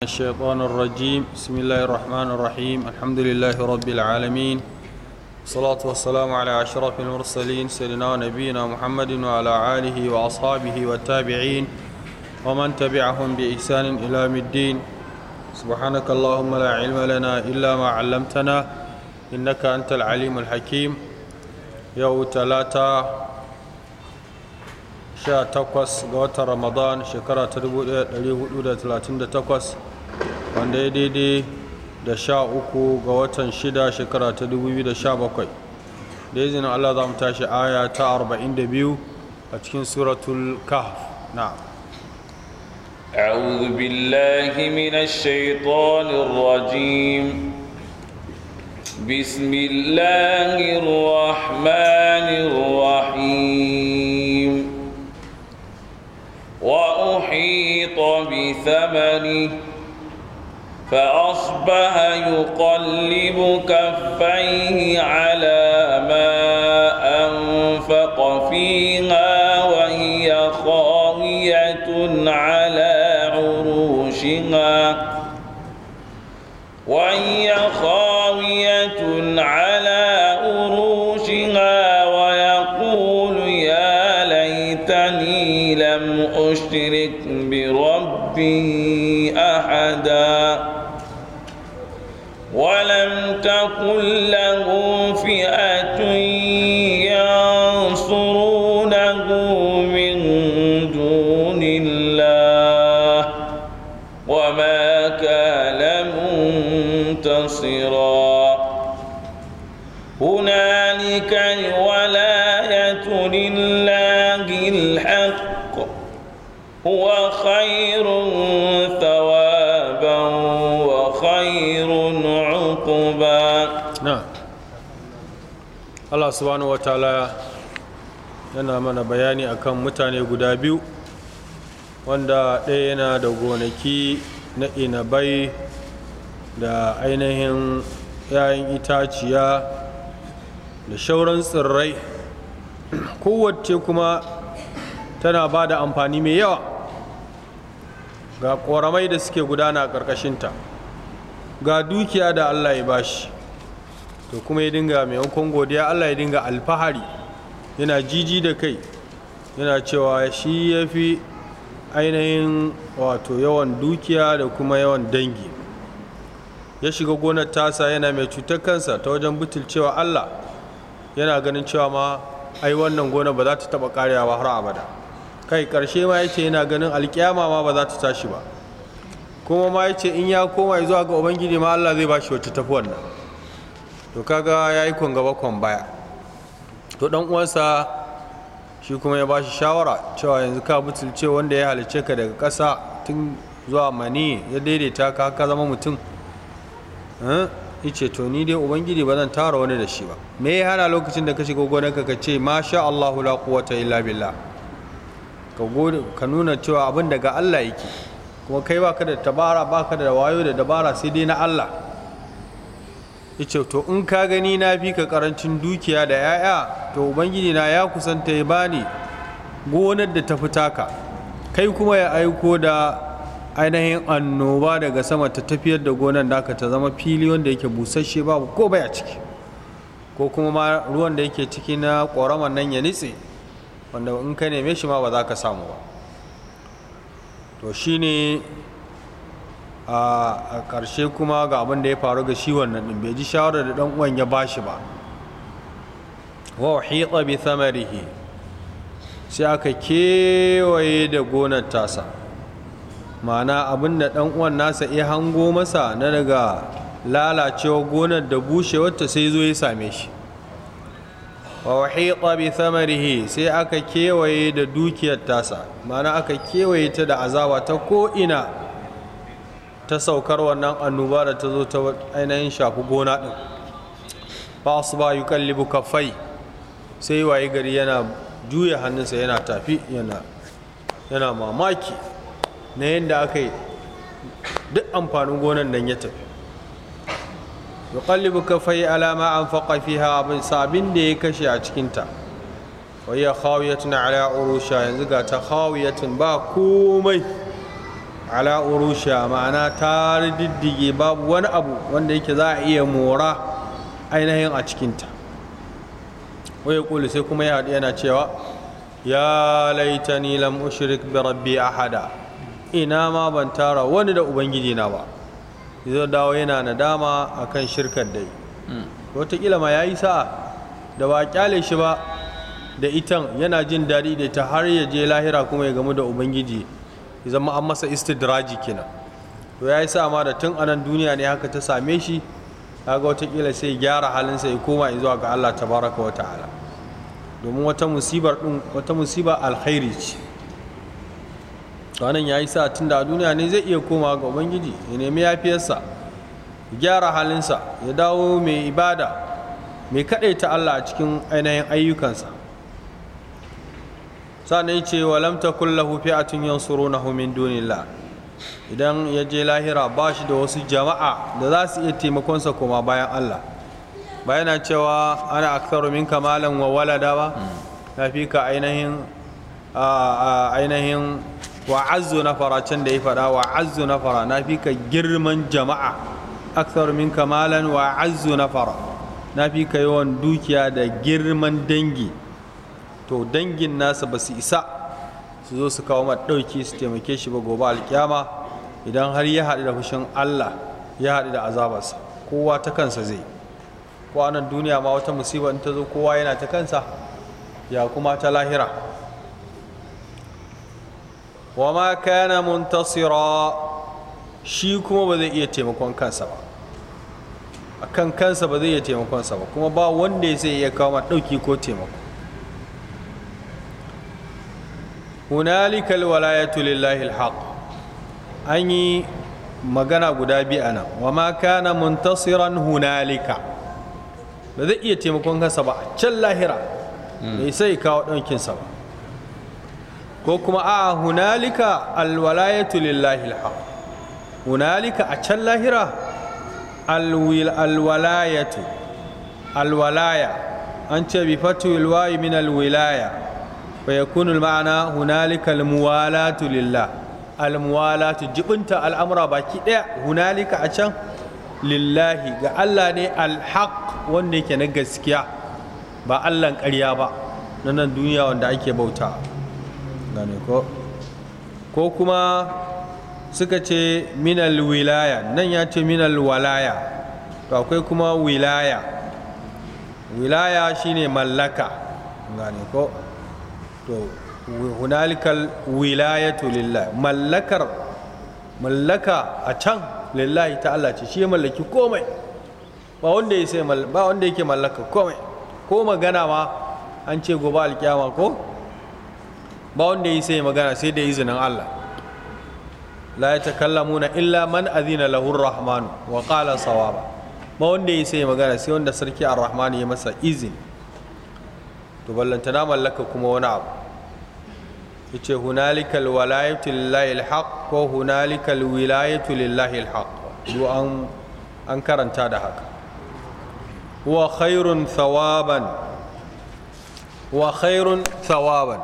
الشيطان الرجيم بسم الله الرحمن الرحيم الحمد لله رب العالمين الصلاة والسلام على أشرف المرسلين سيدنا نبينا محمد وعلى آله وأصحابه والتابعين ومن تبعهم بإحسان إلى يوم الدين سبحانك اللهم لا علم لنا إلا ما علمتنا إنك أنت العليم الحكيم يوم ثلاثة sha takwas ga watan ramadan shekara ta 1438 wanda ya daidai da sha uku ga watan shida shekara ta 2017 da izinin Allah za mu tashi aya ta 42 a cikin suratul kahf na أعوذ بالله من الشيطان الرجيم بسم الله الرحمن الرحيم وأحيط بثمنه فأصبح يقلب كفيه على ما أنفق فيها وهي خاوية على عروشها وهي خاوية على عروشها ويقول يا ليتني لم أشرك بربي أحداً ولم تكن له فئة ينصرونه من دون الله وما كان منتصرا هنالك الولاية لله الحق هو خير Allah subhanahu ta'ala yana mana bayani akan mutane guda biyu wanda ɗaya yana da gonaki na inabai da ainihin 'ya'yan itaciya da shauran tsirrai kowace kuma tana ba da amfani mai yawa ga ƙoramai da suke gudana a ƙarƙashinta ga dukiya da allah ya bashi to kuma ya dinga maimakon godiya allah ya dinga alfahari yana jiji da kai yana cewa shi ya fi ainihin wato yawan dukiya da kuma yawan dangi ya shiga gonar tasa yana mai cutar kansa ta wajen butulcewa allah yana ganin cewa ma ai wannan gona ba za ta taba karewa har abada kai karshe ma yace yana ganin alkiyama ma ba za ta tashi ba kuma ma yace in ya koma zuwa ga ubangiji ma Allah zai ba shi wata tafi wannan to kaga ya yi kwan gaba kwan baya to dan uwansa shi kuma ya bashi shawara cewa yanzu ka butulce wanda ya halice ka daga ƙasa tun zuwa mani ya daidaita ka ka zama mutum ice eh? to ni dai ubangiji ba zan tara wani da shi ba me ya hana lokacin da ka shiga gonar ka ka ce masha Allah la quwwata illa billah ka ka nuna cewa abin daga Allah yake kuma kai baka da tabara baka da wayo da dabara sai dai na Allah yace to in ka gani na fi ka karancin dukiya da 'ya'ya to ubangiji na ya kusanta ya bani gonar da ta fi taka kai kuma ya aiko da ainihin annoba daga sama ta tafiyar da gonar naka ta zama fili wanda yake busasshe babu ko baya ciki ko kuma ma ruwan da yake ciki na ƙoraman nan ya nitse wanda in ka neme shi ma ba za ka samu ba to shine a ƙarshe kuma ga abin da ya faru ga shi wannan ɗin bai ji shawarar da ɗan uwan ya bashi ba wa uhita bi thamarihi sai aka kewaye da gonar tasa ma'ana abin da ɗan uwan nasa ya hango masa na daga lalacewa gonar da bushewarta sai zo ya same shi wa uhita bi thamarihi sai aka kewaye da dukiyar tasa ma'ana aka kewaye ta da azaba ta ko'ina. ina ta saukar wannan annoba da ta zo ta ainihin shafi gona ɗin ba su ba yi kallibu kafai sai waye gari yana juya hannunsa yana tafi yana mamaki na yadda aka yi duk amfanin gonan nan ya tafi yuqallibu kafai alama an faqa fiha abin sabin da ya kashe a cikinta wa hiya khawiyatun ala urusha yanzu ga ta khawiyatun ba komai ala urusha ma'ana ta diddige babu wani abu wanda yake za a iya mora ainihin a cikinta wai kulu sai kuma ya yana cewa ya laitani lam ushrik bi rabbi ahada ina ma ban tara wani da ubangiji na ba zai dawo yana nadama akan shirkar dai wataƙila ma ya yi sa'a da ba kyale shi ba da itan yana jin daɗi da ta har ya je lahira kuma ya gamu da ubangiji zama ma an masa istidraji kenan to ya yi sa ma da tun anan duniya ne haka ta same shi kaga watakila sai gyara halinsa ya koma zuwa ga Allah tabaraka wa ta'ala domin wata musibar din musiba alkhairi ce to anan ya yi sa tun da duniya ne zai iya koma ga ubangiji ya nemi yafiyarsa gyara halinsa ya dawo mai ibada mai kaɗaita Allah a cikin ainihin ayyukansa sannan ce wa lam a tun fi'atun na min dunillah idan ya je lahira ba shi da wasu jama'a da za su iya taimakonsa koma bayan Allah ba yana cewa ana aktaru min kamalan wa walada ba na fi ka ainihin ainihin wa azzu na faracen da ya faɗa wa azzu na fara na fi ka girman jama'a aktaru min kamalan wa azzu na fara na fi ka yawan dukiya da girman dangi to dangin nasa ba su isa su zo su kawo maɗauki, ɗauki su taimake shi ba gobe alkyama idan har ya haɗu da fushin Allah ya haɗu da azabarsa kowa ta kansa zai kwanan anan duniya ma wata musiba in ta zo kowa yana ta kansa ya kuma ta lahira wa ma kana muntasira shi kuma ba zai iya taimakon kansa ba A kan kansa ba zai iya taimakon sa ba kuma ba wanda ya sai iya kawo ma ɗauki ko taimako hunalikal walayatu lillahi alhaq an yi magana guda biyu anan wa ma kana muntasiran hunalika ba zai iya taimakon kansa ba a can lahira bai sai kawo ɗaukinsa ba ko kuma a hunalika alwalayatu lillahi alhaq hunalika a can lahira alwalayatu alwalaya an ce bi fatu ilwayi min alwilaya fa yakunu ma'ana hunalika almuwalatu lillah almuwalatu jibinta al'amura baki daya hunalika a can lillahi ga Allah ne alhaq wanda yake na gaskiya ba Allahn ƙarya ba na nan duniya wanda ake bauta gane ko ko kuma suka ce minal wilaya nan ya ce minal walaya to akwai kuma wilaya wilaya shine mallaka gane ko hunalikal wilayatu lillahi mallakar mallaka a can lillahi ta Allah ce shi ya mallaki komai ba wanda ya sai ba wanda yake mallaka komai ko magana ma an ce gobe alkiyama ko ba wanda ya sai magana sai da izinin Allah la yatakallamuna illa man azina lahu ar-rahman wa qala sawaba ba wanda ya sai magana sai wanda sarki ar-rahman ya masa izini to ballantana mallaka kuma wani abu yace hunalikal walayatu lillahi alhaq ko hunalikal wilayatu lillahi alhaq du an an karanta da haka huwa khairun thawaban wa khairun thawaban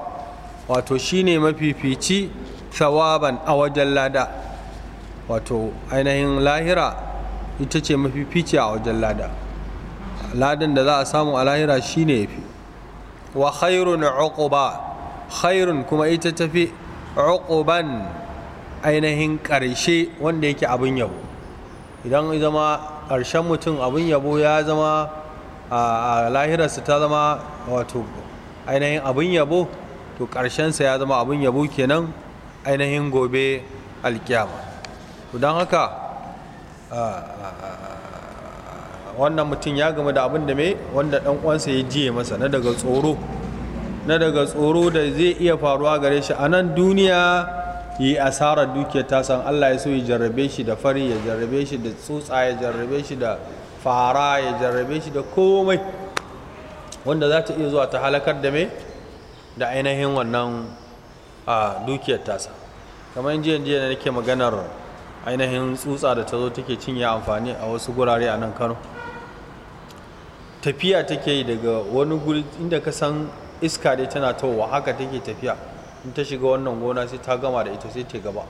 wato shine mafifici thawaban a wajen lada wato ainihin lahira ita ce mafifici a wajen lada ladan da za a samu a lahira shine yafi wa khairun uquba khairun kuma ita tafi uquban ainihin ƙarshe wanda yake abin yabo idan zama ƙarshen mutum abin yabo ya zama a lahirarsa ta zama wato ainihin abin yabo to ƙarshensa ya zama abin yabo kenan ainihin gobe alkiyama to don haka wannan mutum ya gama da abin da mai wanda ɗan uwansa ya jiye masa na daga tsoro na daga tsoro da zai iya faruwa gare shi a nan duniya yi asarar dukiyar tasan Allah ya so ya jarrabe shi da fari ya jarrabe shi da tsutsa ya jarrabe shi da fara ya jarrabe shi da komai wanda za ta iya zuwa ta halakar da mai da ainihin wannan a dukiyar tasa kamar jiyan jiya da nake maganar ainihin tsutsa da ta zo take cinye amfani a wasu gurare a nan kano tafiya take yi daga wani guri inda ka san iska dai tana wa haka take tafiya in ta shiga wannan gona sai ta gama da ita sai ta gaba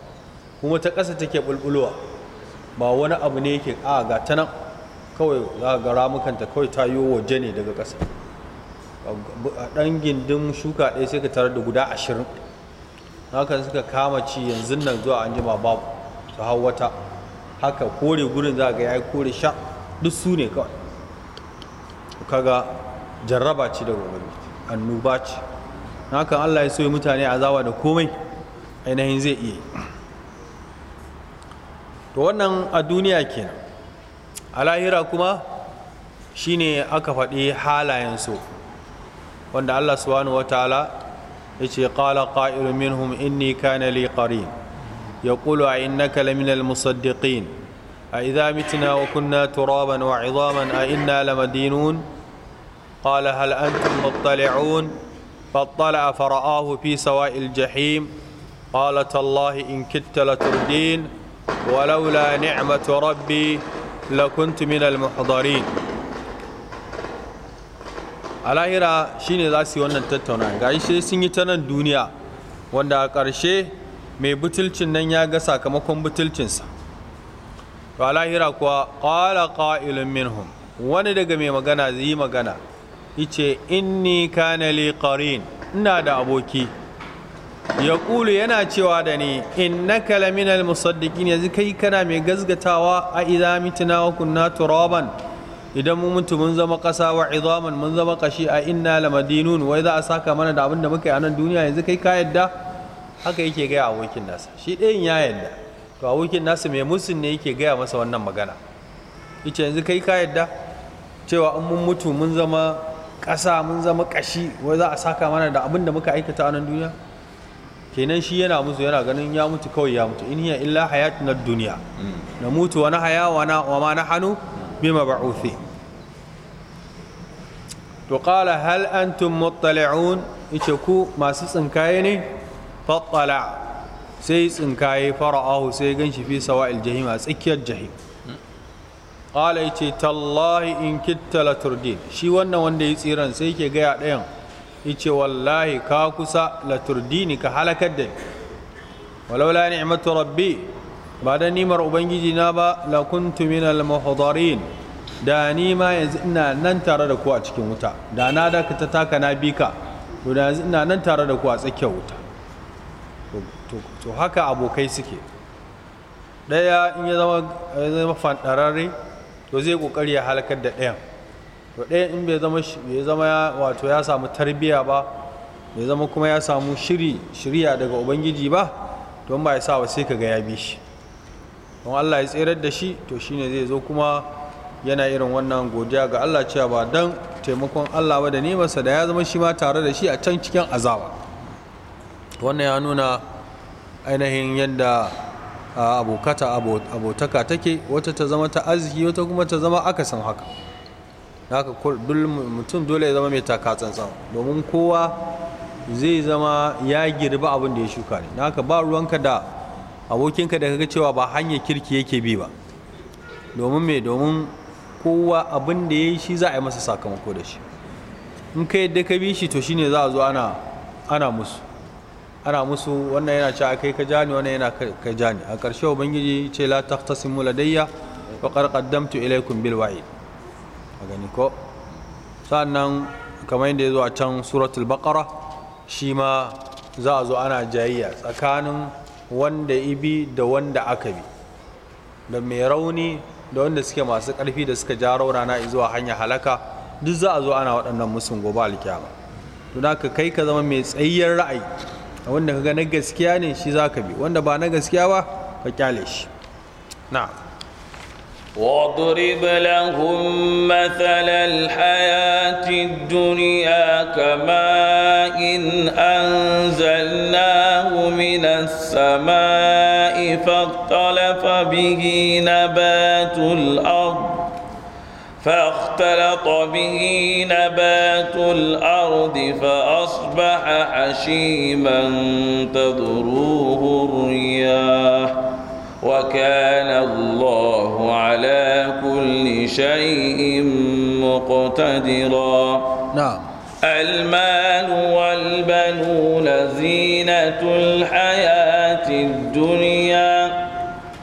kuma ta ƙasa take bulbulowa ba wani abu ne yake a ga ta nan kawai za ga ramukanta kawai ta yi waje ne daga ƙasa a ɗan gindin shuka ɗaya sai ka tarar da guda ashirin haka suka kama ci yanzu nan zuwa an jima babu su hau wata haka kore gurin za ga ya yi kore sha duk su ne kawai kaga jarraba ce daga wani annoba ce hakan Allah ya soya mutane azawa da komai ainihin zai iya to wannan a duniya kenan a lahira kuma shine aka faɗi halayen wanda Allah subhanahu ya yace qala qa'ilun minhum inni kana li qarin yaqulu a innaka laminal musaddiqin a idza mitina wa kunna turaban wa 'idhaman a inna lamadinun قال هل أنتم مطلعون فاطلع فرآه في سواء الجحيم قالت الله إن كدت لتردين ولولا نعمة ربي لكنت من المحضرين على هنا شين داسي وانا تتونا غايش سيني تانا الدنيا وانا قرشي مي بتلچن نن ياغا ساكمكون بتلچن سا وعلى هنا قال قائل منهم وانا دغه مي مغانا زي مغانا yace inni kana li qarin ina da aboki ya kulu yana cewa da ni innaka al musaddiqin yanzu kai kana mai gazgatawa a idza mitna wa kunna turaban idan mu mutu mun zama ƙasa wa idaman mun zama kashi a inna lamadinun wai za a saka mana da abinda muke a nan duniya yanzu kai ka yadda haka yake gaya abokin nasa shi ɗayan ya yadda to abokin nasa mai musun ne yake gaya masa wannan magana yace yanzu kai ka yadda cewa in mun mutu mun zama ƙasa mun zama ƙashi wai za a saka mana da abin da muka aikata a nan duniya kenan shi yana musu yana ganin ya mutu kawai ya mutu in hiya illa hayatu na duniya mm. na mutu wani haya wa ma na hannu bima ba'uthi to qala hal antum muttali'un ice ku masu tsinkaye ne fattala sai tsinkaye fara'ahu sai gan shi fi sawa'il jahim a tsakiyar jahim qala yace tallahi in kitta la turdin shi wannan wanda ya tsiran sai ke gaya ɗayan yace wallahi ka kusa la turdini ka halakar da ni walaula ni'matu rabbi ba da nimar ubangiji na ba la kuntu minal muhdarin da ni ma yanzu ina nan tare da ku a cikin wuta da na dakata taka na bi ka to da yanzu ina nan tare da ku a tsakiyar wuta to haka abokai suke ɗaya in ya zama fanɗararre to zai kokari ya halakar da ɗayan to ɗayan in bai zama bai zama wato ya samu tarbiyya ba bai zama kuma ya samu shiri shirya daga ubangiji ba to ba ya sa ba sai ka ga ya bi shi don Allah ya tserar da shi to shine zai zo kuma yana irin wannan godiya ga Allah cewa ba dan taimakon Allah ba da masa da ya zama shi ma tare da shi a can cikin azaba wannan ya nuna ainihin yadda abokata abotaka take wata ta zama ta arziki wata kuma ta zama akasin haka haka mutum dole ya zama mai taka tsantsan domin kowa zai zama ya girba abin da ya shuka ne haka ba ruwanka da abokinka da kaga cewa ba hanyar kirki yake bi ba domin me domin kowa abin da ya yi shi za a yi masa sakamako da shi in ka yadda ka bi shi to shine za a zo ana musu ana musu wannan yana cewa kai ka jani wannan yana ka jani a karshe ubangiji ce la taqtasimu ladayya wa qad qaddamtu ilaykum bil wa'id a gani ko sannan kamar yadda yazo a can suratul baqara shi ma za a zo ana jayayya tsakanin wanda ibi da wanda aka bi da mai rauni da wanda suke masu ƙarfi da suka ja raunana zuwa hanya halaka duk za a zo ana waɗannan musun gobe alkiyama don ka kai ka zama mai tsayyar ra'ayi wanda kaga na gaskiya ne shi zaka bi wanda ba na gaskiya ba ka kyale shi na'am واضرب لهم مثل الحياة الدنيا كماء إن أنزلناه من السماء فاختلف به نبات الأرض فاختلط به نبات الأرض فأصبح حشيما تضروه الرياح وكان الله على كل شيء مقتدرا نعم المال والبنون زينة الحياة الدنيا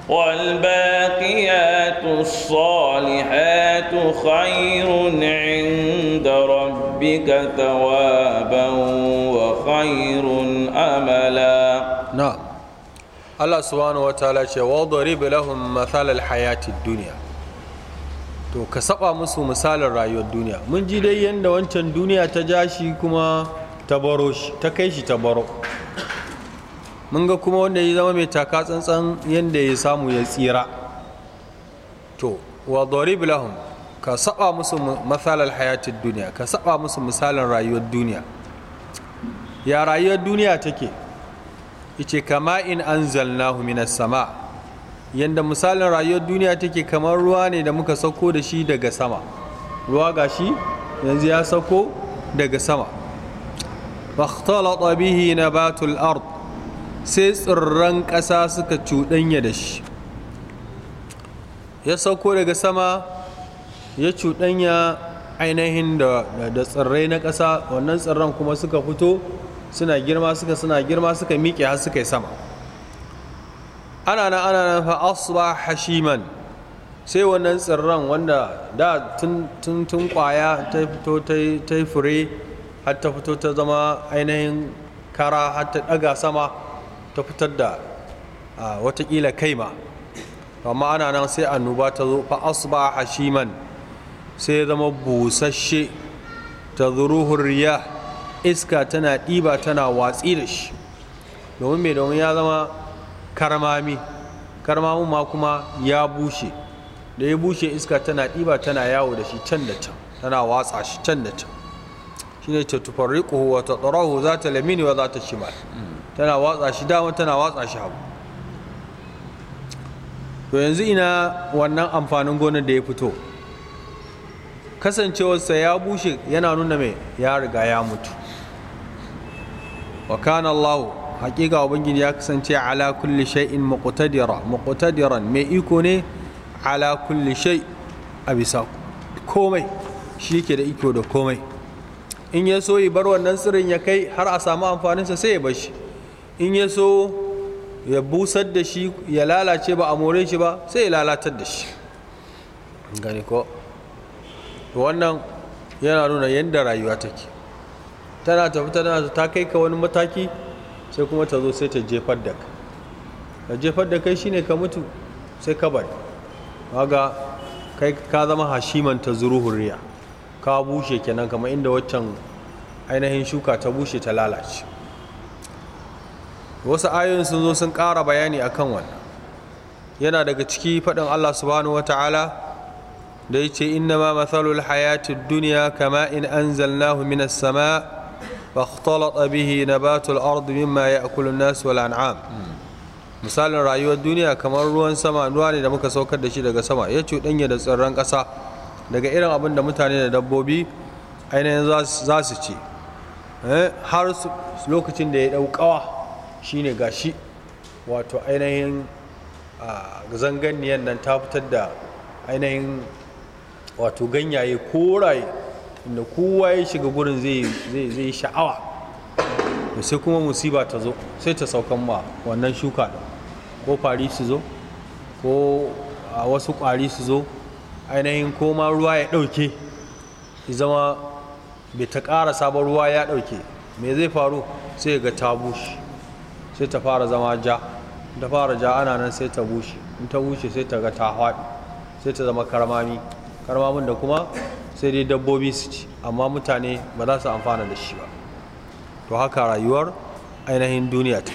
والباقيات الصالحات خير عند ربك ثوابا وخير املا نعم الله سبحانه وتعالى وضرب لهم مثال الحياة الدنيا to ka saba musu misalin rayuwar duniya mun ji dai yadda wancan duniya ta ja shi kuma ta baro shi ta kai shi ta baro mun ga kuma wanda ya zama mai taka tsantsan yadda ya samu ya tsira to wa darib lahum ka saba musu matsalar hayatid duniya ka saba musu misalin rayuwar duniya ya rayuwar duniya take ice kama in anzalnahu minas sama yanda misalin rayuwar duniya take kamar ruwa ne da muka sauko da shi daga sama ruwa gashi yanzu ya sauko daga sama فاختلط na batul الأرض sai tsirran ƙasa suka cuɗanya da shi ya sauko daga sama ya cuɗanya ainihin da tsirrai na ƙasa wannan tsirran kuma suka fito suna girma suka suna girma suka miƙe har suka yi sama ana nan ana nan fa asba hashiman sai wannan tsirran wanda da tun kwaya ta fito ta yi fure har ta fito ta zama ainihin kara har ta ɗaga sama ta fitar da watakila kaima amma ana nan sai annoba ta zo fa asba hashiman sai ya zama busasshe ta zuruhun riya iska tana ɗiba tana watsi da shi domin mai domin ya zama karmami karmamin ma kuma ya bushe da ya bushe iska tana ɗiba tana yawo da shi can da can tana watsa shi can da can shine ta wata tsoron za zata lamini wa shi shimal tana watsa shi dama tana watsa shi hagu to yanzu ina wannan amfanin gonar da ya fito kasancewarsa ya bushe yana nuna mai ya riga ya mutu wa kana Allah haƙiƙa ubangiji ya kasance ala kulli shay'in muqtadira muqtadiran mai iko ne ala kulli shay a bisa komai shi da iko da komai in ya so yi bar wannan tsirin ya kai har a samu amfaninsa sai ya bar shi in ya so ya busar da shi ya lalace ba a more shi ba sai ya lalatar da shi gani ko wannan yana nuna yadda rayuwa take tana tafi tana ta kai ka wani mataki sai kuma ta zo sai ta jefar da ka ta jefar da kai shine ka mutu sai ka bari kai ka zama hashiman ta zuru hurriya ka bushe kenan kamar inda waccan ainihin shuka ta bushe ta lalace wasu ayoyin sun zo sun ƙara bayani akan wannan yana daga ciki faɗin Allah subhanahu wata'ala da ya ce inna ma matsalul hayatun duniya kama in an zalnahu minas sama fakhtalata bihi nabatul ard mimma ya'kulu an-nas wal an'am misalin rayuwar duniya kamar ruwan sama ruwa ne da muka saukar da shi daga sama ya cuɗanya da tsirran ƙasa daga irin abin da mutane da dabbobi ainihin za su ci eh, har lokacin da ya ɗaukawa shine gashi wato ainihin zanganiyar nan ta fitar da ainihin wato ganyaye koraye inda kowa ya shiga gurin zai yi sha'awa sai kuma musiba ta zo sai ta saukan ma wannan shuka da ko fari su zo ko a wasu kwari su zo ainihin koma ruwa ya ɗauke zama bai ta ƙara sabon ruwa ya dauke me zai faru sai ga ta bushe sai ta fara zama ja ta fara ja ana nan sai ta bushe in ta bushe sai ta ga ta haɗi sai ta zama karmami karmamin da kuma sai dai dabbobi su ci amma mutane ba za su amfana da shi ba to haka rayuwar ainihin duniya ta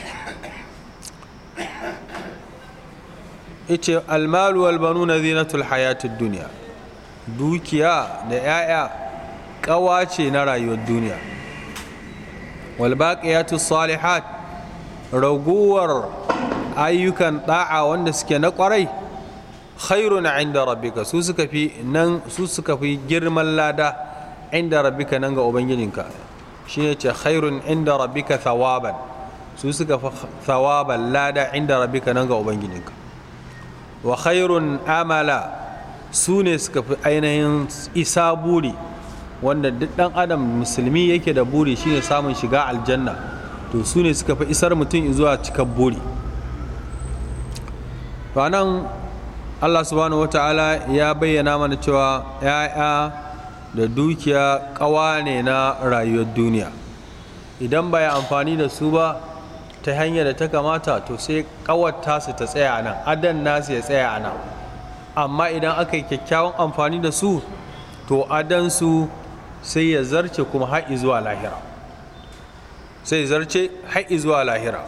ice almalu walbanu na zinatul hayatun duniya dukiya da 'ya'ya ƙawa ce na rayuwar duniya walbaƙiyatu salihat raguwar ayyukan da'a wanda suke na kwarai khairun inda rabbika su suka fi nan su suka fi girman lada inda rabbika nan ga ubangijinka shi ne ce khairun inda rabbika thawaban su suka fi thawaban lada inda rabbika nan ga ubangijinka wa khairun amala su ne suka fi ainihin isa buri wanda duk dan adam musulmi yake da buri shine samun shiga aljanna to su ne suka fi isar mutum zuwa cikar buri to nan allah subhanahu wata'ala ya bayyana mana cewa 'ya'ya da dukiya kawa ne na rayuwar duniya idan ba ya amfani da su ba ta hanyar da ta kamata to sai kawar su ta tsaya a nan adan nasu ya tsaya a nan amma idan aka yi kyakkyawan amfani da su to adansu sai ya zarce kuma har zuwa lahira sai zarce har zuwa lahira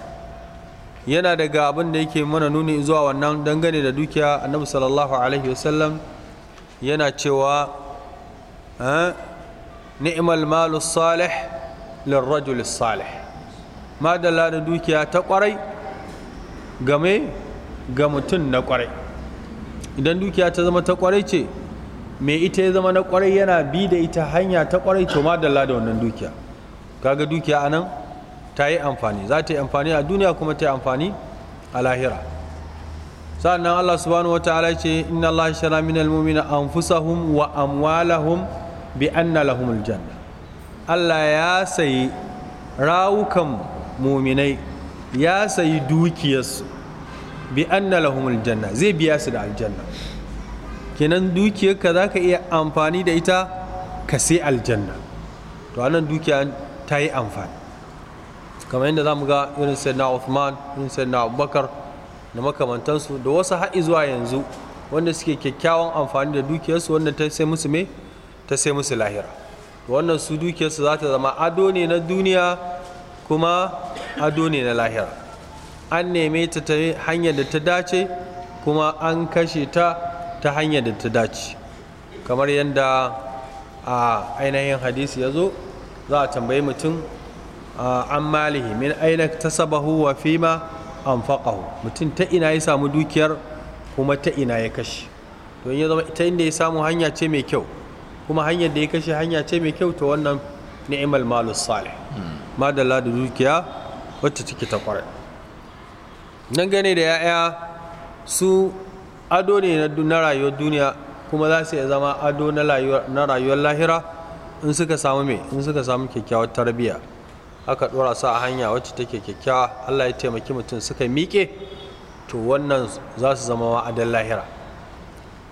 yana daga abin da yake mana nuni zuwa wannan dangane da dukiya annabi sallallahu alaihi wasallam yana cewa ni'mal malu salih rajul salih Ma da dukiya ta kwarai game ga mutum na kwarai idan dukiya ta zama ta kwarai ce mai ita ya zama na kwarai yana bi da ita hanya ta kwarai to ma da wannan dukiya kaga dukiya anan ta yi amfani za ta yi amfani a duniya kuma ta yi amfani a lahira sa'annan Allah subhanahu wataala ce inna Allah shara min almu'mina anfusahum wa amwalahum bi anna lahum aljanna Allah ya sayi rawukan muminai ya sayi dukiyarsu bi anna lahum aljanna zai biya su da aljanna kenan dukiyarka za ka iya amfani da ita ka sai aljanna to anan dukiya ta yi amfani kamar yadda za mu ga irin sayyidina Uthman irin sayyidina Abubakar da makamantansu da wasu haɗi zuwa yanzu wanda suke kyakkyawan amfani da dukiyarsu wanda ta sai musu me ta sai musu lahira wannan su dukiyarsu za ta zama ado ne na duniya kuma ado ne na lahira an neme ta ta hanyar da ta dace kuma an kashe ta ta hanyar da ta dace kamar yadda a ainihin hadisi ya zo za a tambayi mutum an malihi min aina sabahu wa fima anfaqahu mutum ta ina ya samu dukiyar kuma ta ina ya kashe to ya zama ta inda ya samu hanya ce mai kyau kuma hanyar da ya kashe hanya ce mai kyau ta wannan ni'imal malus salih madalla da dukiya wacce take ta kwarai nan gane da ya'ya su ado ne na rayuwar duniya kuma za su iya zama ado na rayuwar lahira in suka samu mai in suka samu kyakkyawar tarbiyya aka ɗora su a hanya wacce take kyakkyawa Allah ya taimaki mutum suka miƙe to wannan za su zama wa'adan lahira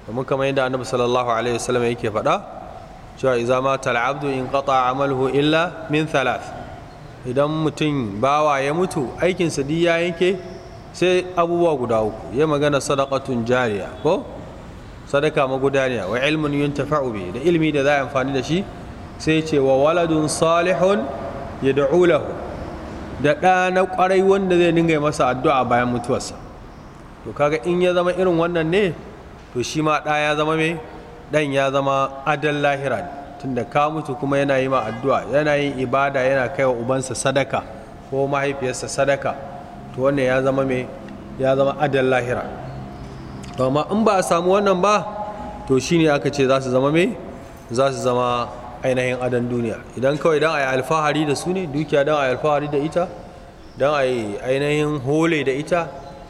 domin kamar yadda annabi sallallahu alaihi wasallam yake faɗa cewa iza ma tal'abdu in qata amalhu illa min thalath idan mutum bawa ya mutu aikin duk ya yanke sai abubuwa guda uku ya magana sadaqatun jariya ko sadaka magudaniya wa ilmun yuntafa'u bi da ilmi da za a amfani da shi sai ce wa waladun salihun ya da'u lahu da ɗa na ƙwarai wanda zai dinga masa addu'a bayan mutuwarsa to kaga in ya zama irin wannan ne to shi ma ɗa ya zama mai ɗan ya zama adal lahira ne tunda ka mutu kuma yana yi ma addu'a yana yin ibada yana kai wa ubansa sadaka ko mahaifiyarsa sadaka to wannan ya zama mai ya zama adal lahira to amma in ba a samu wannan ba to shine aka ce za su zama mai za su zama ainihin adon duniya idan kawai don a yi alfahari da su ne dukiya don a yi alfahari da ita don a yi ainihin hole da ita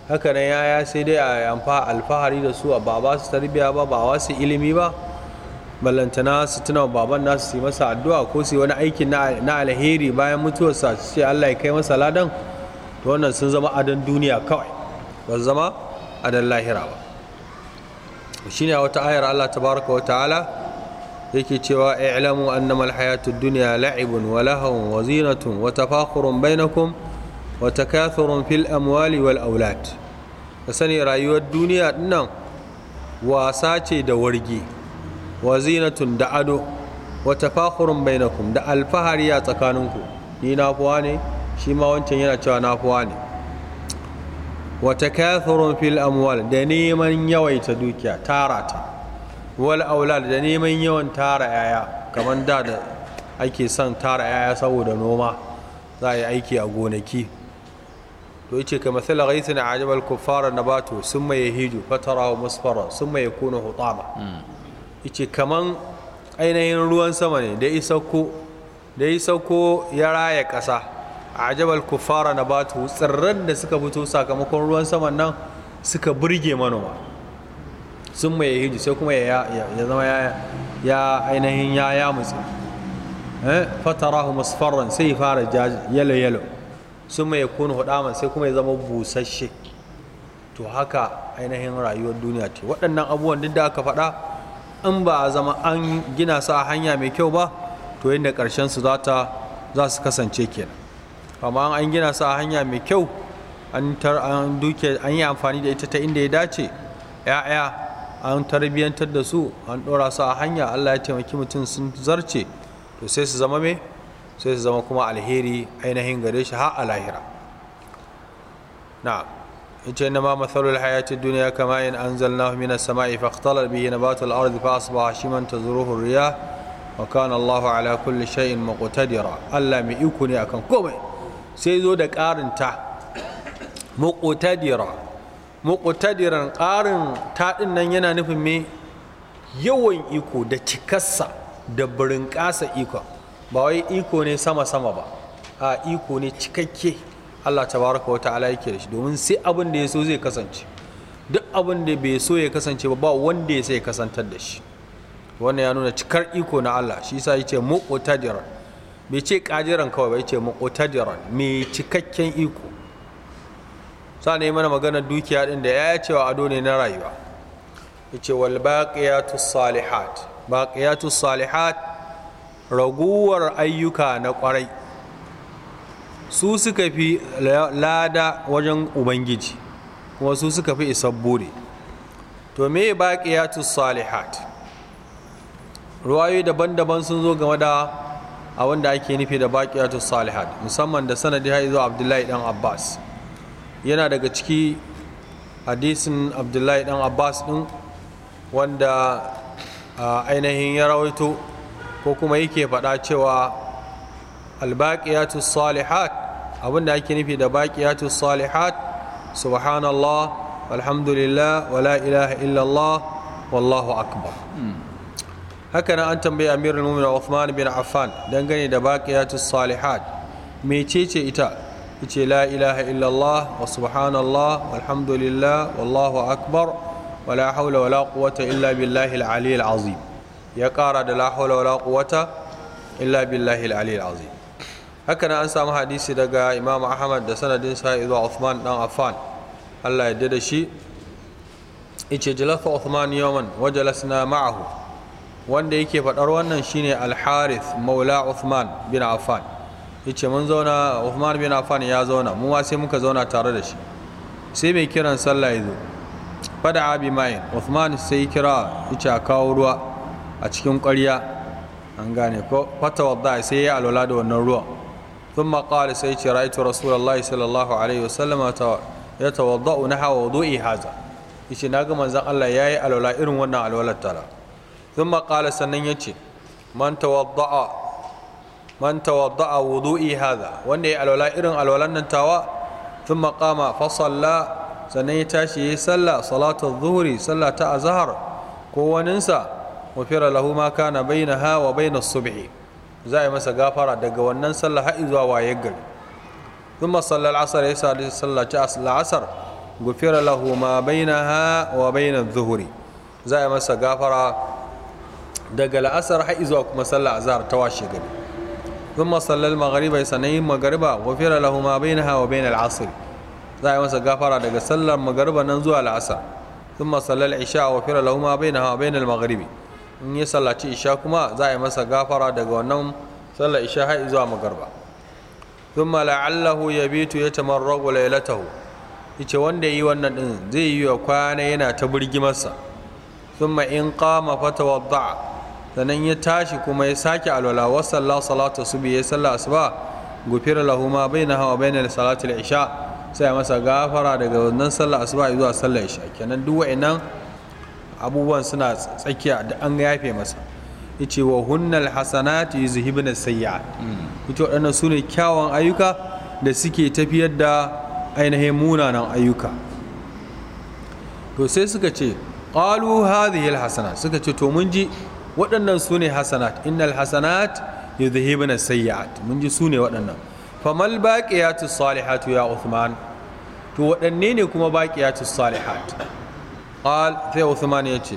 hakanan nan yaya sai dai a yi alfahari da su a ba ba su tarbiya ba ba wa su ilimi ba ballantana su tuna baban nasu su yi masa addu'a ko su yi wani aikin na alheri bayan mutuwarsa su ce allah ya kai masa ladan to wannan sun zama adon duniya kawai ba su zama adon lahira ba shine wata ayar allah tabaraka wa ta'ala yake cewa i'lamu annama alhayatu dunya la'ibun wa lahawun wa zinatun wa tafakhurun bainakum wa takathurun fil amwali wal aulad ka sani rayuwar duniya dinnan wasa ce da wargi wa zinatun da ado wa tafakhurun bainakum da alfahari a tsakaninku ni nafuwa ne shi ma wancan yana cewa nafuwa ne wa takathurun fil amwal da neman yawaita dukiya tara ta wal aulad da neman yawan tara yaya kamar da da ake son tara yaya saboda noma za a yi aiki a gonaki to yace ka masala ghaisin ajabal kuffara nabatu summa yahiju fatara musfara summa yakunu hutama yace kaman ainihin ruwan sama ne da isakko da isakko ya raya ƙasa ajabal kuffara nabatu tsirran da suka fito sakamakon ruwan saman nan suka burge manoma sun mai hiji sai kuma ya zama ya ainihin ya ya mutsi eh, fatarahu musfarran sai fara yalo yalo sun mai kunu hudaman sai kuma ya zama busasshe to haka ainihin rayuwar duniya ce waɗannan abubuwan duk da aka faɗa in ba a zama an gina su a hanya mai kyau ba to yadda ƙarshen su za su kasance kenan amma an gina su a hanya mai kyau an duke an yi amfani da ita ta inda ya dace 'ya'ya an tarbiyyantar da su an ɗora a hanya allah ya taimaki mutum sun zarce to sai su zama me sai su zama kuma alheri ainihin gare shi har a lahira na ita yana ma matsalar duniya kama yin an zalna min sama'i fa khtalar bihi na batul arzi fa asba shi man ta zuruhun riya wa kana allah ala kulli shay'in maqtadira allah mai ne akan komai sai zo da karinta maqtadira muƙutadiran ƙarin taɗin nan yana nufin me yawan iko da cikarsa da barin ƙasa iko ba wai iko ne sama-sama ba a iko ne cikakke Allah ta baraka wata ala yake da shi domin sai abin da ya so zai kasance duk abin da bai so ya kasance ba ba wanda ya sai kasantar da shi wannan ya nuna cikar iko na Allah shi sa yace muqtadiran bai ce qadiran kawai ba yace muqtadiran mai cikakken iko sa ne mana maganar dukiya din da ya cewa ado ne na rayuwa ya ce wal baqiyatus salihat salihat raguwar ayyuka na kwarai su suka fi lada wajen ubangiji kuma su suka fi isar bure to me baqiyatus salihat ruwayoyi daban-daban sun zo game da a wanda ake nufi da baqiyatus salihat musamman da sanadi har zo Abdullahi dan Abbas yana daga ciki hadisin abdullahi dan abbas din wanda ainihin ya rawaito ko kuma yake faɗa cewa albaqiyatus salihat abinda ake nufi da baqiyatus salihat subhanallah alhamdulillah wala ilaha illallah wallahu akbar haka nan an tambayi amirul mu'minin Uthman bin Affan dangane da baqiyatus salihat mecece ita Ice la ilaha illallah wa subhanallah walhamdulillah wallahu akbar wala haula la quwwata illa billahi al-ali al-azim ya kara da la haula wala quwwata illa billahi al-ali al-azim haka nan an samu hadisi daga Imam Ahmad da sanadin sa zuwa Uthman dan Affan Allah ya yarda shi Ice jalasa Uthman yawman wa jalasna ma'ahu wanda yake faɗar wannan shine al-Harith maula Uthman bin Affan yace mun zauna Uthman bin Affan ya zauna mu ma sai muka zauna tare da shi sai mai kiran sallah ya zo fada abi mai Uthman sai kira yace a kawo ruwa a cikin ƙarya an gane ko fata wadda sai ya alwala da wannan ruwa ثم قال سيدي رأيت رسول الله صلى الله عليه وسلم يتوضأ نحو وضوئي هذا yace na ga manzon Allah yayi alwala irin ونا alwalar tala thumma qala sannan yace man tawadda'a man tawadda'a wudu'i hadha wanda ya alwala irin alwalan nan tawa thumma qama fa salla sannan ya tashi ya salla salatu dhuhri salla ta azhar ko waninsa wafira lahu ma kana bainaha wa bain as-subhi za yi masa gafara daga wannan sallah har zuwa wayar gari thumma salla ya salla salla ta al-asr gufira lahu ma bainaha yi masa gafara daga kuma sallah ta washe gari thumma sallal maghriba sanayin maghriba ghufira lahu ma bainaha wa bainal asr za a masa gafara daga sallar magariba nan zuwa al'asar thumma sallal isha ghufira lahu ma bainaha bai na maghribi in ya sallaci isha kuma za a masa gafara daga wannan sallar isha har zuwa maghriba thumma la'allahu yabitu yatamarragu laylatahu yace wanda ya yi wannan din zai yi wa kwana yana ta Sun thumma in kama qama wadda. sannan ya tashi kuma ya sake alwala Sallah salatu subi ya salla asuba gufira lahu ma bainaha wa bainal salati isha sai masa gafara daga wannan Sallah asuba zuwa Sallah isha kenan duk wa'annan abubuwan suna tsakiya da an yafe masa yace wa hunnal hasanatu yuzhibna sayyi'at ita hmm. waɗannan su ne kyawun ayyuka da suke tafiyar da ainihin munanan ayyuka to sai suka ce qalu hadhihi suka ce to mun ji waɗannan su ne hasanat innal hasanat yudhibna sayyi'at mun ji su ne waɗannan famal baqiyatu salihatu ya Uthman to waɗanne ne kuma baqiyatu salihat qal sai Uthman yace ce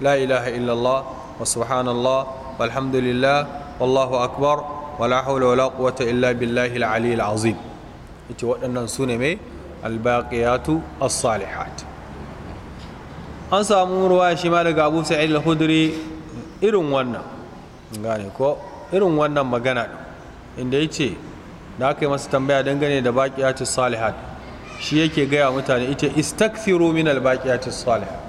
la ilaha illallah wa subhanallah walhamdulillah wallahu akbar wala hawla wala quwwata illa billahi al-ali azim yace waɗannan su ne mai albaqiyatu as-salihat an samu ruwa shi ma daga Abu Sa'id al-Khudri irin wannan gane ko irin wannan magana inda ya ce da aka yi masa tambaya dangane da baƙiyatu salihat shi yake gaya mutane ita istakthiru min albaqiyatu salihat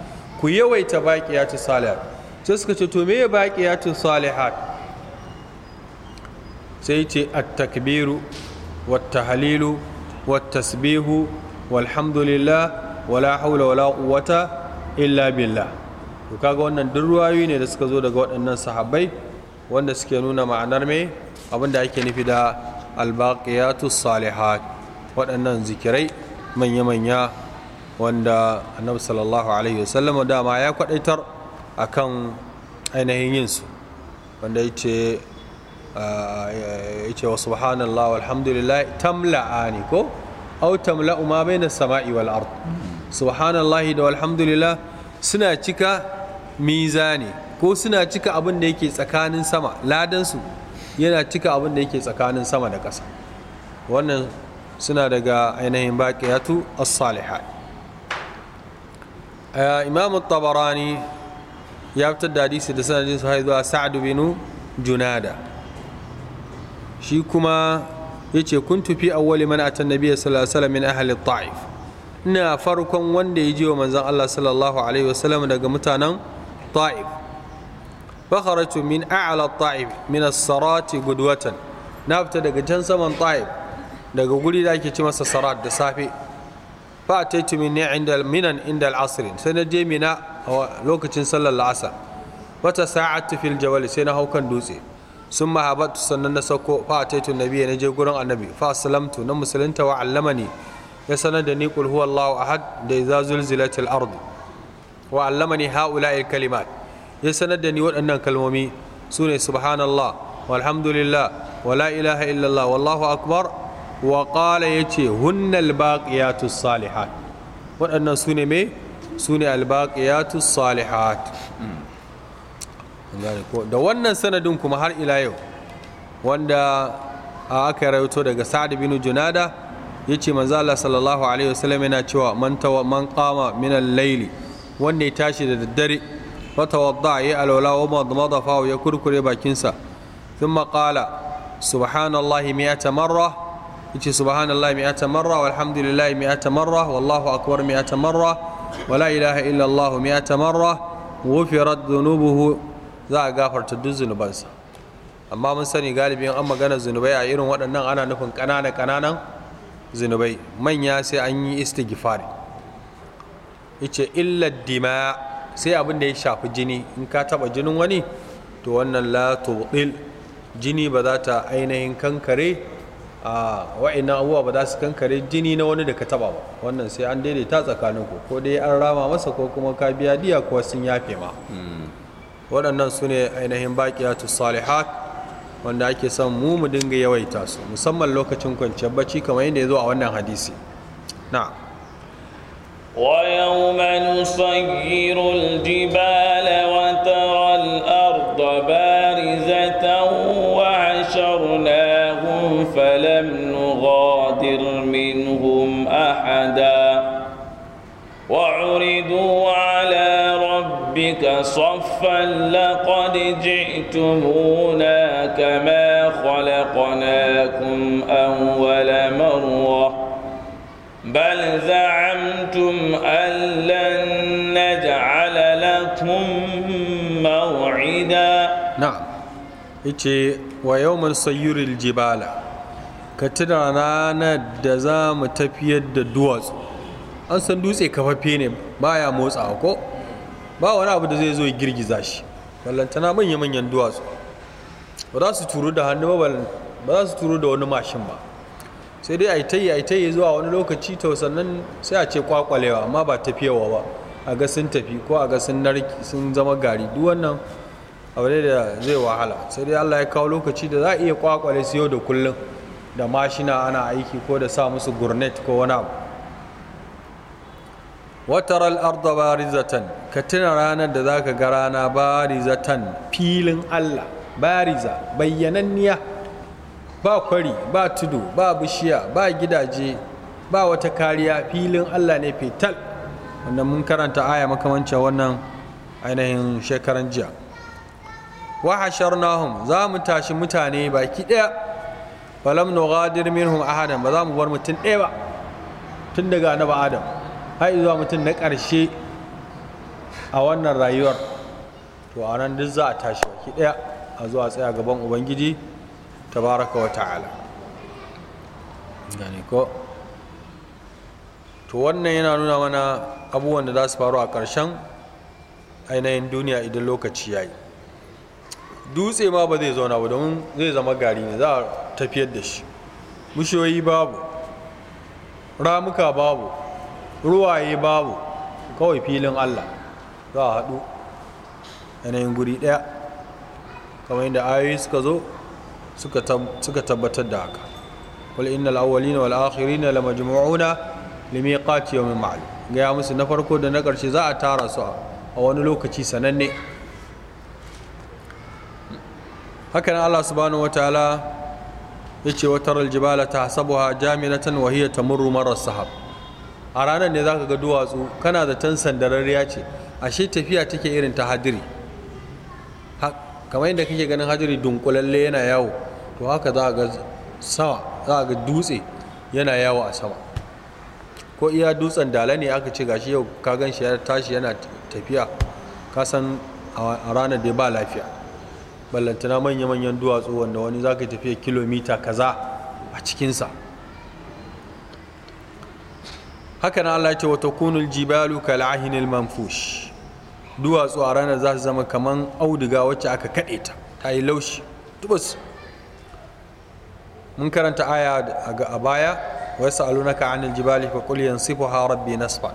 ku yawaita baƙiyacin salihat sai suka ce to me ya baqiyatu salihat sai ce at-takbiru wata halilu wata sabihu walhamdulillah wala haula wala quwwata illa billah to kaga wannan duk ruwayoyi ne da suka zo daga waɗannan sahabbai wanda suke nuna ma'anar me abin da ake nufi da albaqiyatu salihat waɗannan zikirai manya-manya wanda annabi sallallahu alaihi wasallam dama ya kwadaitar akan ainihin yin su wanda yace eh, yace wa subhanallah walhamdulillah tamla'ani ko au tamla'u ma baina sama'i wal ard subhanallahi da walhamdulillah suna cika mizani ko suna cika abin da yake tsakanin sama ladansu yana cika abin da yake tsakanin sama da ƙasa wannan suna daga ainihin baƙiyatu as-salihat imam tabarani ya fitar da hadisi da sanadin su haizuwa sa'adu bin junada shi kuma yace kun tufi awwali man atan nabiyyi sallallahu alaihi wasallam min ahli ta'if ina farkon wanda ya ji wa manzon Allah sallallahu alaihi wasallam daga mutanen الطائف فخرجت من أعلى الطائف من السرات قدوة نابت دقى جنسة من طائف دقى قولي لك تمس السرات دسافي فأتيت مني عند المنن عند العصر سنجي منا لوكة صلى العصر وتساعدت في الجبل سنة هو كان دوسي ثم هبطت سنن سكو فأتيت النبي نجي قرن النبي فأسلمت نمسلنت وعلمني يسند نيقول هو الله أحد دإذا زلزلت الأرض wa allamani ha'ula'il kalimat ya sanar da ni waɗannan kalmomi su ne subhanallah walhamdulillah wa la ilaha illallah wallahu akbar wa qala yace hunnal baqiyatus salihat waɗannan su ne me su ne albaqiyatus salihat da wannan sanadin kuma har ila yau wanda aka rawaito daga sa'ad bin junada yace manzo Allah sallallahu alaihi wasallam yana cewa man tawa man qama min al-layli wanne ya tashi da daddare wata wadda ya alwala wa madmada fa ya kurkure bakinsa thumma qala subhanallahi mi'ata marra yace subhanallahi mi'ata marra walhamdulillahi mi'ata marra wallahu akbar mi'ata marra wa ilaha illa allah mi'ata marra ghufirat dhunubuhu za a gafarta duk zunubansa amma mun sani galibi an magana zunubai a irin waɗannan ana nufin ƙanana ƙananan zunubai manya sai an yi istighfari yace illa dima sai abin da ya shafi jini in ka taba jinin wani to wannan la tubdil jini ba za ta ainihin kankare a wa'ina abubuwa ba za su kankare jini na wani da ka taba ba wannan sai an daidaita tsakanin ku ko dai an rama masa ko kuma ka biya diya ko sun yafe ma hmm. waɗannan su ne ainihin baƙiyatu salihat wanda ake son mu mu dinga yawaita su musamman lokacin kwanciyar bacci kamar yadda ya zo a wannan hadisi na'am ويوم نسير الجبال وترى الأرض بارزة وعشرناهم فلم نغادر منهم أحدا وعرضوا على ربك صفا لقد جئتمونا كما خلقناكم أول مرة بل زعمتم أن لن نجعل لكم موعدا نعم yace wa yawman الجبال jibala ka دزام تبيد da za mu tafiyar da duwatsu an san dutse kafaffe ne baya motsawa ko ba wani abu da zai zo girgiza shi ballantana manya-manyan duwatsu ba za su ba za su turu da wani mashin ba sai dai yi tayi zuwa wani lokaci to sannan sai a ce kwakwalewa amma ba tafiyawa ba a ga sun tafi ko a ga sun narki sun zama gari duk wannan abu ne da zai wahala sai dai Allah ya kawo lokaci da za a iya kwakwale su yau da kullum da mashina ana aiki ko da sa musu gurnet ko wani abu watar al'arda barizatan ka tuna ranar da za ka ga rana barizatan filin Allah bariza bayyananniya ba kwari ba tudu ba bishiya ba gidaje ba wata kariya filin allah ne fetal wanda mun karanta aya makamancin wannan ainihin shekaran jiya wa hasharnahum za mu tashi mutane baki ɗaya falam nughadir minhum ahadan ba za mu bar mutum ɗaya ba tun daga ba adam har zuwa mutum na ƙarshe a wannan rayuwar to a nan duk za a tashi baki ɗaya a zuwa tsaya gaban ubangiji tabaraka wa ta'ala gane ko to wannan yana nuna mana abubuwan da za su faru a ƙarshen ainihin duniya idan lokaci ya yi dutse ma ba zai zauna ba domin zai zama gari ne za a tafiyar da shi mushoyi babu ramuka babu ruwaye babu kawai filin allah za a haɗu yanayin guri ɗaya kamar yadda ayoyi suka zo suka tabbatar da haka wal innal awwalina wal akhirina lamajmu'una limiqati yawmin ma'lum gaya musu na farko da na ƙarshe za a tara su a wani lokaci sananne haka nan Allah subhanahu wataala yace wa taral jibala tahsabuha jamilatan wa hiya tamurru marar sahab a ranar ne zaka ga duwatsu kana da tan sandarariya ce ashe tafiya take irin ta hadiri kamar yadda kake ganin hajari dunkulalle yana yawo to haka za a ga sama za a ga dutse yana yawo a sama ko iya dutsen dala ne aka ce gashi yau ka gan shi ya tashi yana tafiya ka san a ranar da ba lafiya ballantana manya-manyan duwatsu wanda wani za ka tafiya kilomita kaza a cikinsa haka na Allah ce wata kunul jibalu kal'ahinil manfush duwatsu a ranar za su zama kaman auduga wacce aka kaɗe ta ta yi laushi tubus mun karanta aya a baya wa na 'anil jibali fa qul yansifuha rabbi nasfa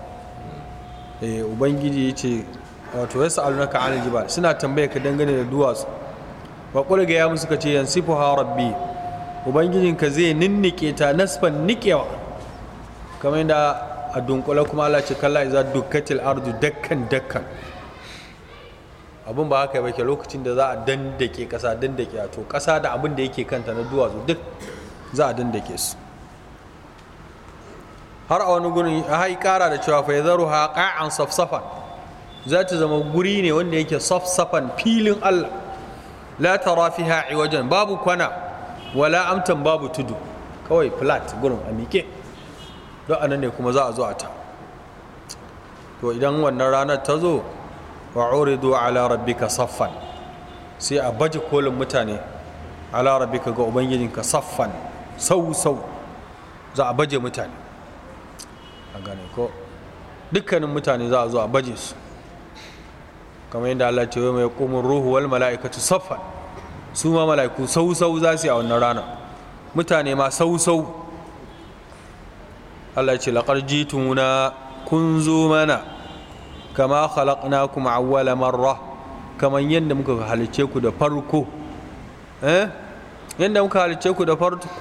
E, ubangiji yace wato na 'anil jibali suna tambaye ka dangane da duwatsu Ba kuli ga ya musu ka ce yansifuha rabbi ubangijinka zai ninnike ta nasfan nikewa kamar yadda a dunkule kuma Allah ce kalla iza dukkatil ardu dakkan dakkan abin ba haka yake lokacin da za a dandake kasa dandake a to kasa da abin da yake kanta na duwatsu duk za a dandake su har a wani gurin hai kara da cewa fa yadharu ha qa'an safsafan za ta zama guri ne wanda yake safsafan filin Allah la rafi ha'i wajen babu kwana wala amtan babu tudu kawai flat gurin a miƙe don anan ne kuma za a zo a ta to idan wannan ranar ta zo wa uridu ala rabbika saffan sai a baje kolin mutane ala rabbika ga ubangijinka saffan sau sau za a baje mutane a gane ko dukkanin mutane za a zo a baje su kamar yadda Allah ce mai kumin ruhu wal mala'ikatu saffan su ma mala'iku sau sau za su yi a wannan rana mutane ma sau sau Allah ce laƙar jitu kun zo mana kama khalaqnakum awwala marra kaman yadda muka halice ku da farko eh? yadda muka halice ku da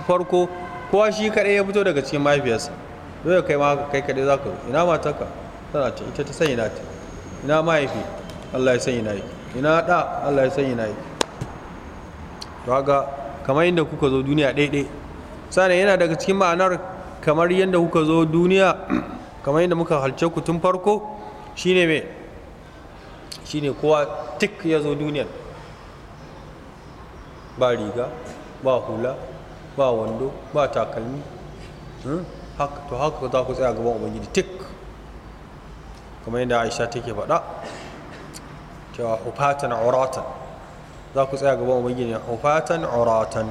farko kowa shi kaɗai ya fito daga cikin mahaifiyarsa dole kai ma kai kaɗai za ka ina mataka tana ce ita ta sanya na ta ina mahaifi Allah ya sanya na yi ina da Allah ya sanya na yi to haka kamar yadda kuka zo duniya daidai sana yana daga cikin ma'anar kamar yadda kuka zo duniya kamar yadda muka halce ku tun farko shine me shine kowa tik ya zo duniyar ba riga ba hula ba wando ba takalmi hmm? to haka za ku tsaya gaban ubangiji tik kamar yadda aisha take faɗa cewa hufatan auratan za ku tsaya gaban ubangiji hufatan auratan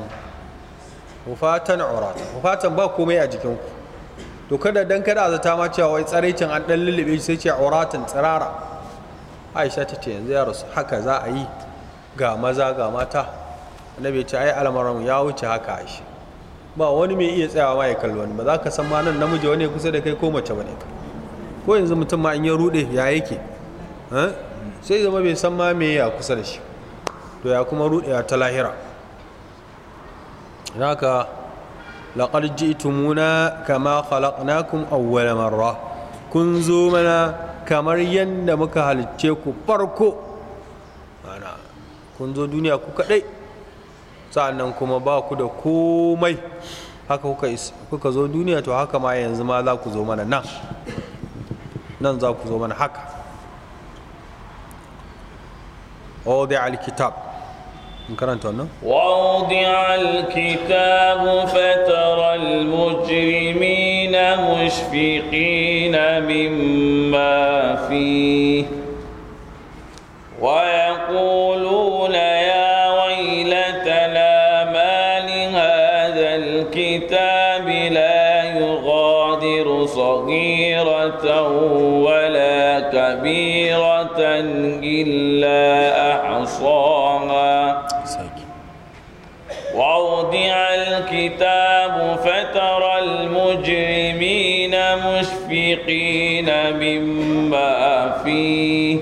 hufatan auratan hufatan ba komai a jikinku to kada dan kada a ta ma cewa wai tsaraicin an dan lullube sai ce auratin tsirara aisha ta ce yanzu ya rasu haka za a yi ga maza ga mata annabi ce ai almaramu ya wuce haka shi? ba wani mai iya tsayawa ma ya kalli wani ba za ka san ma nan namiji wani kusa da kai ko mace bane ko yanzu mutum ma in ya rude ya yake sai zama bai san ma me ya kusa da shi to ya kuma rudewa ta lahira haka laqad tumuna kama kun awwala marra kun zo mana kamar yadda muka halicce ku farko mana kun zo duniya ku kaɗai sa'annan kuma ba ku da komai haka kuka zo duniya to haka ma yanzu ma za ku zo mana nan nan za ku zo mana haka the alkitab ووضع الكتاب فترى المجرمين مشفقين مما فيه ويقولون يا ويلتنا ما لهذا الكتاب لا يغادر صغيرة ولا كبيرة إلا أحصاها ووضع الكتاب فترى المجرمين مشفقين مما فيه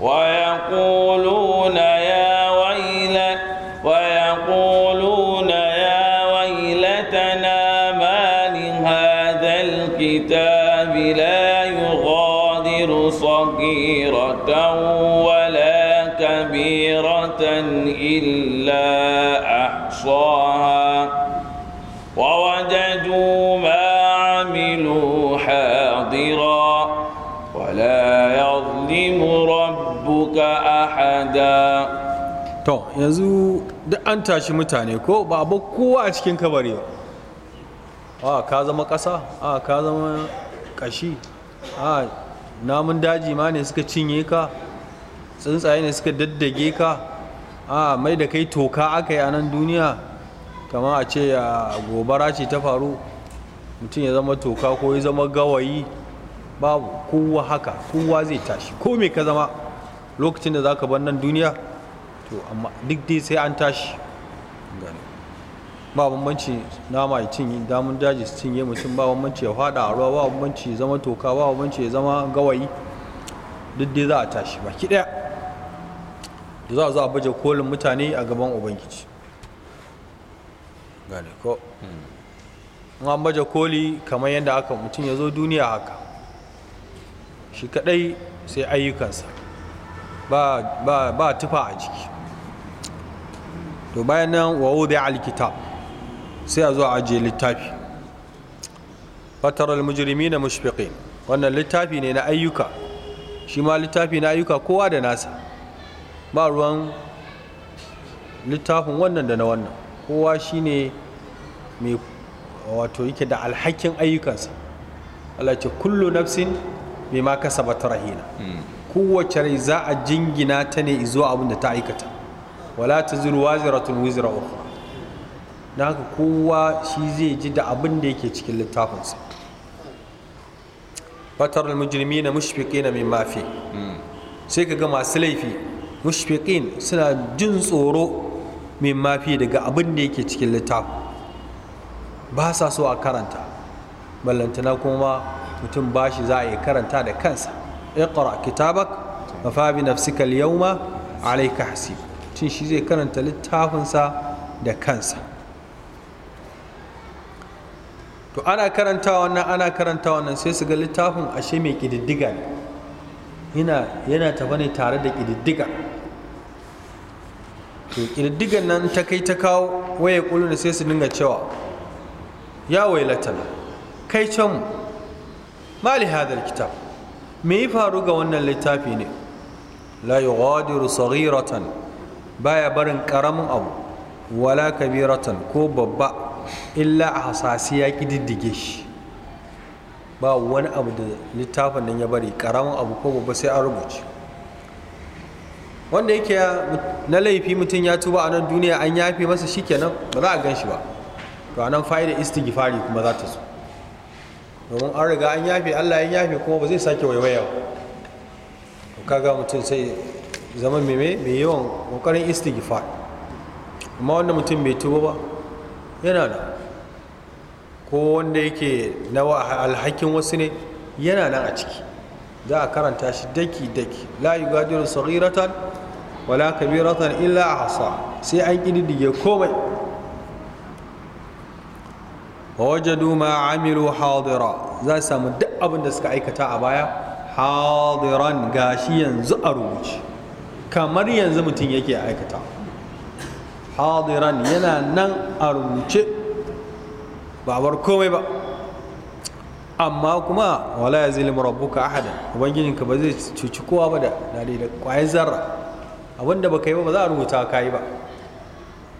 ويقولون يا ويلت ويقولون يا ويلتنا ما لهذا الكتاب لا يغادر صغيرة ولا كبيرة إلا أحصاها ووجدوا ما عملوا حاضرا ولا يظلم ربك أحدا to yanzu duk an tashi mutane ko ba abu kowa a cikin kabari ba a ka zama ƙasa a ka zama ƙashi a namun daji ma ne suka cinye ka tsuntsaye ne suka daddage ka a mai da kai toka aka yi a nan duniya kamar a ce gobara ce ta faru mutum ya zama toka ko ya zama gawayi babu kowa haka kowa zai tashi ko me ka zama lokacin da za ka bar nan duniya to amma duk dai sai an tashi ba bambanci nama ya cinye damun daji su cinye mutum ba bambanci ya fada a ruwa ba bambanci ya zama toka ba bambanci ya zama gawayi duk dai za a tashi baki daya da za a zo a baje kolin mutane a gaban ubangiji gane ko hmm. an baje koli kamar yadda aka mutum ya zo duniya haka shi kadai sai ayyukansa ba tufa a jiki to bayan nan wawo wuzi alkitab sai a zo a ajiye littafi fatarar mujirimi na mushfiqin wannan littafi ne na ayyuka shi ma littafi na ayyuka kowa da nasa ba ruwan littafin wannan da na wannan kowa shine mai wato yake da alhakin ayyukansa Allah ce kullu nafsin mai ma kasabat rahina hmm. kowace rai za a jingina ta ne zuwa abin da ta aikata wala taziru waziratun wizra ukhra na haka kowa shi zai ji da abin da yake cikin littafinsa fatar al-mujrimina mushfiqina mimma fi hmm. sai kaga masu laifi mushfiqin suna jin tsoro mai mafi daga abin da yake cikin littafi ba sa so a karanta ballantana kuma mutum ba shi za a yi karanta da kansa iqra kitabak fa bi nafsika al-yawma alayka hasib tun shi zai karanta littafinsa da kansa to ana karanta wannan ana karanta wannan sai su ga littafin ashe mai kididdiga ne yana tafa ne tare da kididdiga to nan ta kai ta kawo waye ƙulu da sai su dinga cewa ya wailatana kai can mali hadar kitab me yi faru ga wannan littafi ne la yughadiru saghiratan baya barin ƙaramin abu wala kabiratan ko babba illa a hasasi ya ƙididdige shi ba wani abu da littafin nan ya bari ƙaramin abu ko babba sai an rubuce wanda yake na laifi mutum ya tuba a nan duniya an yafe masa shikenan ba za a gan shi ba to a nan fa'ida istighfari kuma za ta so domin an riga an yafe Allah ya yafe kuma ba zai sake waiwaya ba kaga mutum sai zama mai mai yawan kokarin istighfar amma wanda mutum bai tuba ba yana da ko wanda yake na alhakin wasu ne yana nan a ciki za a karanta shi daki daki la yugadiru saghiratan wala kabiratan illa ahsa sai an kididdige komai wajadu ma amilu hadira za su samu duk abin da suka aikata a baya hadiran gashi yanzu a rubuce kamar yanzu mutum yake aikata hadiran yana nan a rubuce ba bar komai ba amma kuma wala ya zilim rabbuka ahada ubangijinka ba zai cuci kowa ba da da kwayan zarra abinda ka yi ba ba za a rubuta ka yi ba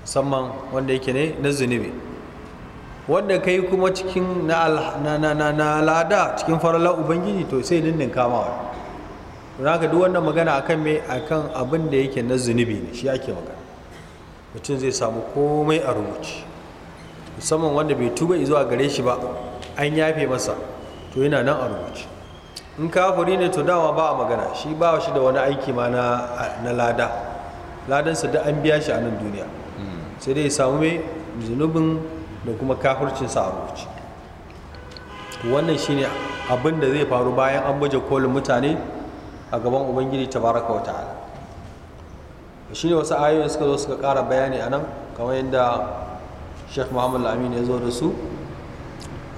musamman wanda yake ne na zunubi wanda ka yi kuma cikin na al'ada cikin farallar ubangiji to sai ninnin kamawa don haka duk wannan magana akan me akan abin da yake na zunubi ne shi ake magana mutum zai samu komai a rubuci musamman wanda bai tuba zuwa gare shi ba an yafe masa to yana nan a rubuci in kafiri ne to dama ba a magana shi ba shi da wani aiki ma na lada ladansa da an biya shi a nan duniya sai dai ya samu mai zunubin da kuma kafircinsa a rubuci wannan shine abin da zai faru bayan an baje kolin mutane a gaban ubangiji ta baraka wa ta'ala ne wasu ayoyin suka zo suka kara bayani a nan kamar yadda sheikh muhammad aminu ya zo da su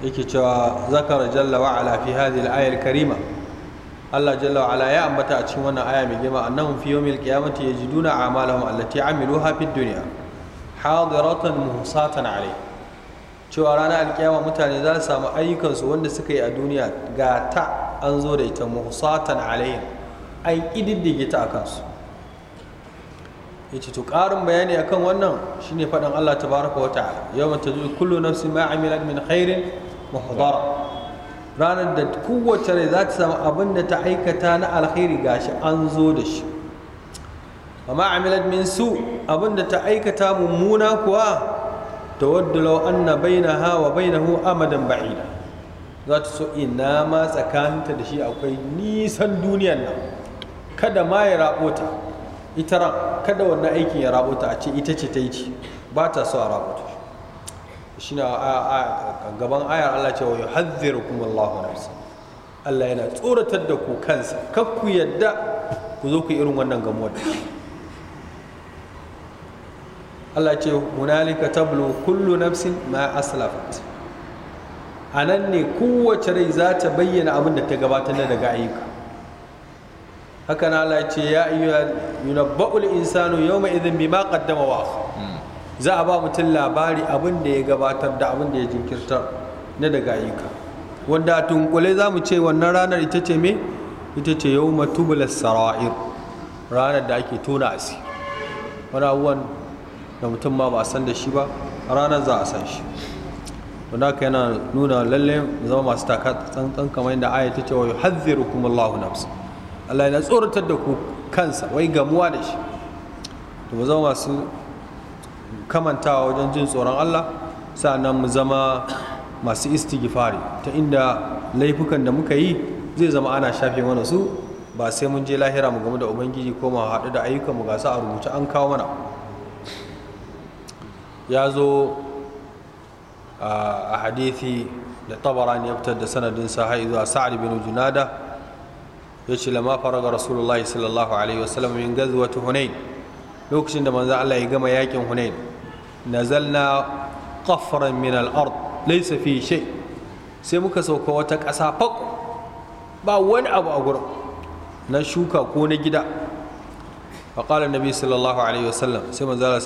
yake cewa Zakar jalla wa ala fi hadhihi al-ayah karima Allah jalla wa ala ya ambata a cikin wannan aya mai girma annahum fi yawmil qiyamati yajiduna a'malahum allati amiluha fid dunya hadiratan muhsatan alayh cewa ranar alkiyama mutane za su samu ayyukansu wanda suka yi a duniya ga ta an zo da ita muhsatan alayhim an kididdige ta akan su yace to karin bayani akan wannan shine faɗin Allah tabaraka wa ta'ala yawma tajid kullu nafsin ma amilat min khairin muhdara ranar da kowace rai za ta samu abin da ta aikata na alkhairi shi an zo da shi amma amilat min su abin da ta aikata mummuna kuwa ta wadda hawa baina bainaha wa bainahu amadan ba'ida za ta so ina ma tsakaninta da shi akwai nisan duniyan nan kada ma ya rabota ita ran kada wannan aikin ya rabota a ce ita ce ta yi ci ba ta so a rabota shine gaban ayar Allah cewa yuhadhdhirukum Allahu nafsa Allah yana tsoratar da ku kansa kar ku yadda ku zo ku irin wannan gamuwar Allah ce munalika tablu kullu nafsin ma aslafat a nan ne kowace rai za ta bayyana abin da ta gabatar na daga ayyuka haka na Allah ce ya ayyuha yunabba'ul insanu yawma idhin bima qaddama wa hmm. za a ba mutum labari abin da ya gabatar da abin da ya jinkirtar na daga ayyuka wanda a tunkule za mu ce wannan ranar ita ce me ita ce yau matubular sara'ir ranar da ake tona asi wani abubuwan da mutum ma ba san da shi ba ranar za a san shi wanda ka yana nuna lalle zama masu taka tsantsan kamar yadda aya ta ce wa yuhadhdhiru kuma Allahu Allah yana tsoratar da ku kansa wai gamuwa da shi to zama masu kamantawa wajen jin tsoron Allah nan mu zama masu istighfari ta inda laifukan da muka yi zai zama ana shafe mana su ba sai mun je lahira mu game da ubangiji ko mu haɗu da ayyukan mu gasa a rubuce an kawo mana ya zo a hadithi da tabarani ya fitar da sanadin sa zuwa sa'ad bin junada ce lama faraga rasulullahi sallallahu alaihi wasallam min ghazwat hunain lokacin da manzo Allah ya gama yakin Hunain nazalna qafran min al-ard laysa fi shay sai muka sauka wata ƙasa fak ba wani abu a gurin na shuka ko na gida faqala nabi sallallahu alaihi wasallam sai manzo Allah